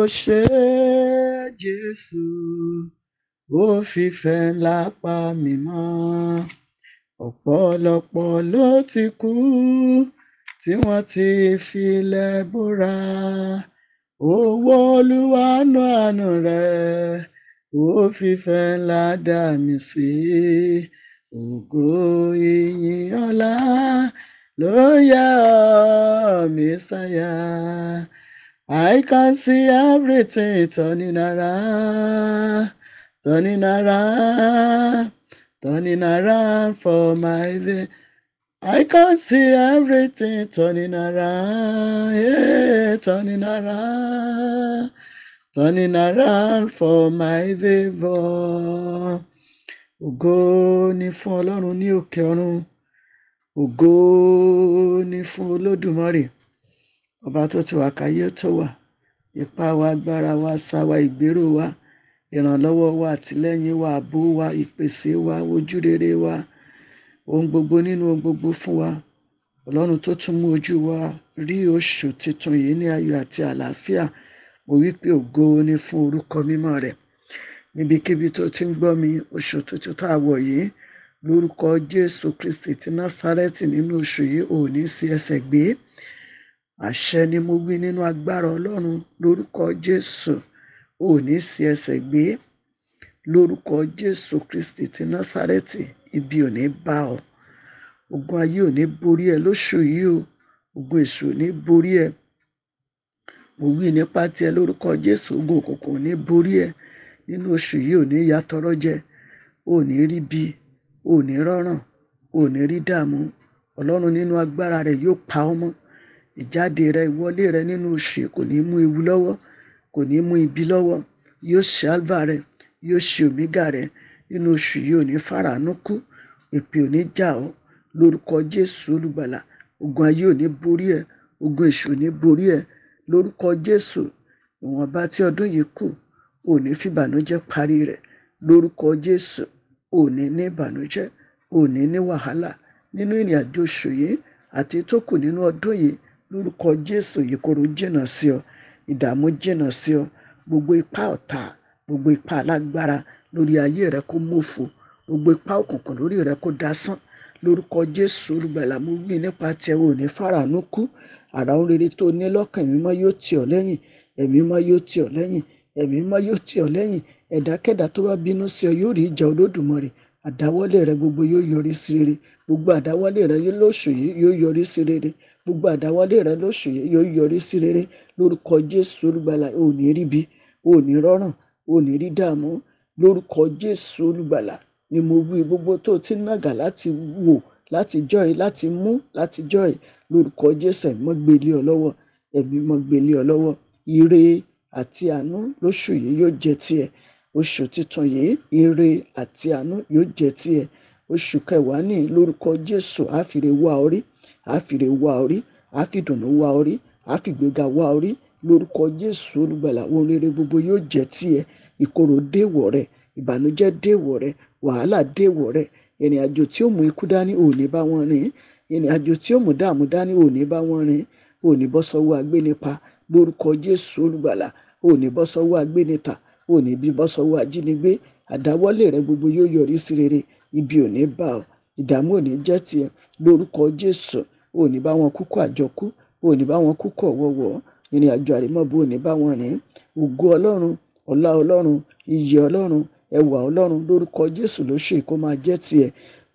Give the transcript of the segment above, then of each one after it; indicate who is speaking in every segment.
Speaker 1: ó ṣe é jésù ó fìfẹ ńlá pa mí mọ ọpọlọpọ ló ti kú tí wọn ti filẹ bora owó olúwa nú àánú rẹ ó fìfẹ ńlá dá mi sí ògo ìyìn ọlá ló yá ọ mẹsàáyà. I can see everything turning around, turning around, turning around for my day. I can see everything turning around, yeah, turning around, turning around for my favor.
Speaker 2: go ni fún Ọlọ́run ní ni oke ogo ni fun dumari. ọba tó ti wà káyé tó wá ipá wa agbára wa asà ìgbéró wa ìrànlọwọ wa àtìlẹyìn wa ààbò wa ìpèsè wa ojúrere wa ohun gbogbo nínú ohun gbogbo fún wa ọlọrun tó tún mú ojú wa rí oṣù tuntun yìí ní ayọ àti àlàáfíà mo wí pé ògo ni fún orúkọ mímọ rẹ níbikíbi tó ti ń gbọ mi oṣù tuntun tá a wọ yìí lórúkọ jésù kristi ti násárẹtì nínú oṣù yìí ò ní sí ẹsẹ gbé àṣẹ ni mo wí nínú agbára ọlọrun lórúkọ jésù ò ní í gbé lórúkọ jésù kristi ti násárẹtì ibi ò ní bá ọ ogun ayé ò ní borí ẹ lóṣù yìí o ogun èṣù ò ní borí ẹ mo wí nípa tiẹ lórúkọ jésù ogun òkùnkùn ò borí ẹ nínú oṣù yìí ò ya tọrọ jẹ ò rí bí ò ní rọrùn rí dààmú ọlọrun nínú agbára rẹ yóò pa ọ mọ ìjáde rẹ ìwọlé rẹ nínú oṣù yìí kò ní mú ewu lọ́wọ́ kò ní mú ibi lọ́wọ́ yóò ṣe álbà rẹ yóò ṣe òmígà rẹ nínú oṣù yìí ò ní fàràánú kú èpè ò ní jà ọ́ lórúkọ jésù olùgbàlà ogun ayé ò ní borí ẹ ogun èṣù ò ní borí ẹ lórúkọ jésù ìwọ̀nba tí ọdún yìí kù ò ní fìbànújẹ́ parí rẹ lórúkọ jésù ò ní ní ìbànújẹ́ ò ní ní wàhálà nínú ìrìn oṣù yìí àti tó kù nínú ọdún yìí lórúkọ jésù ìkorò jìnnà sí ọ ìdààmú jìnnà sí ọ gbogbo ipá ọ̀tá gbogbo ipá alágbára lórí ayé rẹ kó mòfo gbogbo ipá òkùnkùn lórí rẹ kó dasán lórúkọ jésù olùgbàlà mo wí nípa tiẹ ò ní fàràánú kú àrà ohun rere tó ní lọ́kàn ẹ̀mí mọ́ yóò tì ọ́ lẹ́yìn ẹ̀mí mọ́ yóò tì ọ́ lẹ́yìn ẹ̀mí mọ́ yóò tì ọ́ lẹ́yìn ẹ̀dákẹ́dá tó bá bínú sí ọ yóò rí ìjà olódùmarè àdáwọ́lé rẹ gbogbo yóò yọrísí rere gbogbo àdáwọ́lé rẹ lóṣù yìí yóò yọrísí rere gbogbo àdáwọ́lé rẹ lóṣù yìí yóò yọrísí rere lórúkọ Jésù Olùgbàlà ò ní ríbi ò ní rọ́rùn ò ní rí dààmú lórúkọ Jésù Olùgbàlà ni mo wí gbogbo tó ti nàgà láti wò láti jọ́ yìí láti mú láti jọ́ yìí lórúkọ Jésù ẹ̀mí mọ́ ọ lọ́wọ́ ẹ̀mí mọ́ ọ lọ́wọ́ ire àti àánú lóṣù yìí yóò jẹ́ tiẹ̀ oṣù tuntun yìí ire àti àánú yóò jẹ tiẹ oṣù kẹwàá ní lórúkọ jésù á fìre wá ọ rí á fìre wá ọ rí á fìdùnnú wá ọ rí á fìgbéga wá ọ rí lórúkọ jésù olùgbàlà ohun rere gbogbo yóò jẹ tiẹ ìkorò déèwọ̀ rẹ ìbànújẹ́ déèwọ̀ rẹ wàhálà déèwọ̀ rẹ ìrìn àjò tí ó mú ikú dání ò ní bá wọn rìn ìrìn àjò tí ó mú dààmú dání ò ní bá wọn rìn ò ní bọ́ sọ́wọ́ agbénipa lórúkọ jésù olùgbàlà ò ní bọ́ sọ́wọ́ agbénita o ò ní bíbọ sọwọ ajínigbé àdáwọlé rẹ gbogbo yóò yọrí sí rere ibi ò ní bá ọ ìdààmú ò ní jẹ lórúkọ jésù o ò ní bá wọn kúkú àjọkú o ò ní bá wọn kúkú ọwọwọ ìrìn àjò àrèmọbọ ò ní bá wọn rìn ògo ọlọ́run ọlá ọlọ́run iyì ọlọ́run ẹwà ọlọ́run lórúkọ jésù ló ṣe kó máa jẹ tiẹ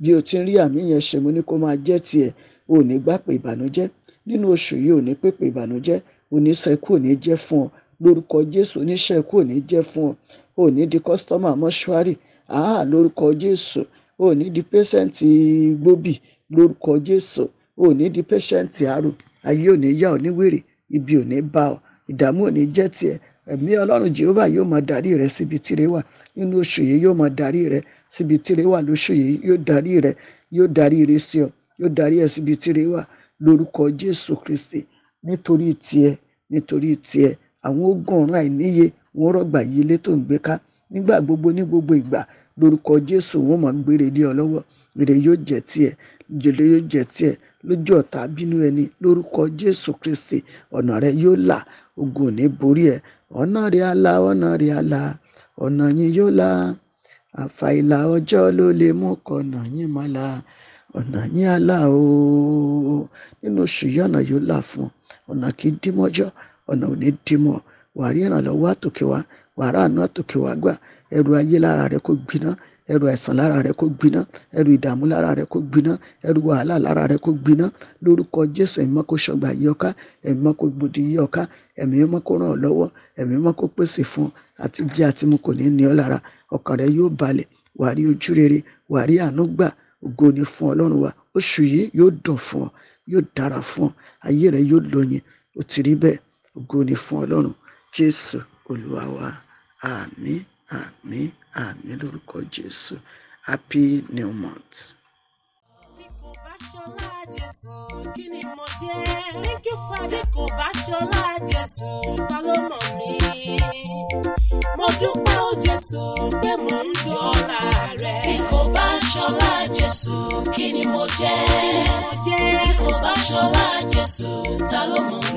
Speaker 2: bí o ti ń rí àmì yẹn ṣe mo ní kó máa jẹ tiẹ o ò ní ìbànújẹ́ nínú oṣù yìí ò pèpè ìbànújẹ́ oníṣẹkù ò ní jẹ fún ọ lórúkọ jésù oníṣẹ ikú ò ní jẹ fún ọ ò ní di kọsítọmà mọṣúárì àá lórúkọ jésù ò ní di pẹsẹǹtì gbòbì lórúkọ jésù ò ní di pẹsẹǹtì àrò ayé ò ní yá ọ níwèrè ibi ò ní bá ọ ìdààmú ò ní jẹ tiẹ ẹ̀mí ọlọ́run jehova yóò máa darí rẹ síbi tìrẹ wà nínú oṣù yìí yóò máa darí rẹ síbi tìrẹ wà lóṣù yìí yóò darí rẹ yóò darí rẹ sí ọ yóò darí ẹ síbi tìrẹ wà lórúkọ jésù kristi nítorí tiẹ nítorí tiẹ àwọn ogun ọrun àìníye wọn rọgbà yí ilé tó ń gbé ká nígbà gbogbo ní gbogbo ìgbà lórúkọ jésù wọn máa gbére lé ọ lọ́wọ́ èrè yóò jẹ tiẹ jèrè yóò jẹ tiẹ lójú ọ̀tá bínú ẹni lórúkọ jésù kristi ọ̀nà rẹ yóò là ogun ò ní borí ẹ ọ̀nà rẹ á là ọ̀nà rẹ á là ọ̀nà yín yóò là àfàìlà ọjọ́ ló lè mú kọ̀nà yín má là ọ̀nà yín á ooo nínú oṣù yìí yóò là fún ọ̀nà kì dí mọ́jọ́ ọnà ò ní í dí mọ wà á rí ìrànlọ́wọ́ àtòkè wá wà á ráàánú àtòkè wá gbà ẹrù ayé lára rẹ kó gbiná ẹrù àìsàn lára rẹ kó gbiná ẹrù ìdààmú lára rẹ kó gbiná ẹrù wàhálà lára rẹ kó gbiná lórúkọ jésù ẹ̀mí mọ́ kó ṣọgbà yí ọká ẹ̀mí mọ́ kó gbòdì yí ọká ẹ̀mí mọ́ kó ràn ọ́ lọ́wọ́ ẹ̀mí mọ́ kó pèsè fún ọ àti jẹ àti mu kò ní ní ọ lára ọkàn rẹ yóò balẹ̀ wà ojú rere wà àánú gbà ògo ni fún ọlọ́run wa oṣù yìí yóò dùn fún ọ yóò dára fún ọ ayé rẹ yóò lóyin ó ti rí bẹ́ẹ̀ ògo ni fún ọlọ́run jésù olúwa wa àmín àmín lórúkọ jésù happy new month. Mo dúpẹ́ ó Jésù pé mò ń jọlá rẹ̀. Tí kò bá ṣọlá Jésù, kí ni mo jẹ́? Tí kò bá ṣọlá
Speaker 1: Jésù, ta ló mọ̀ mí?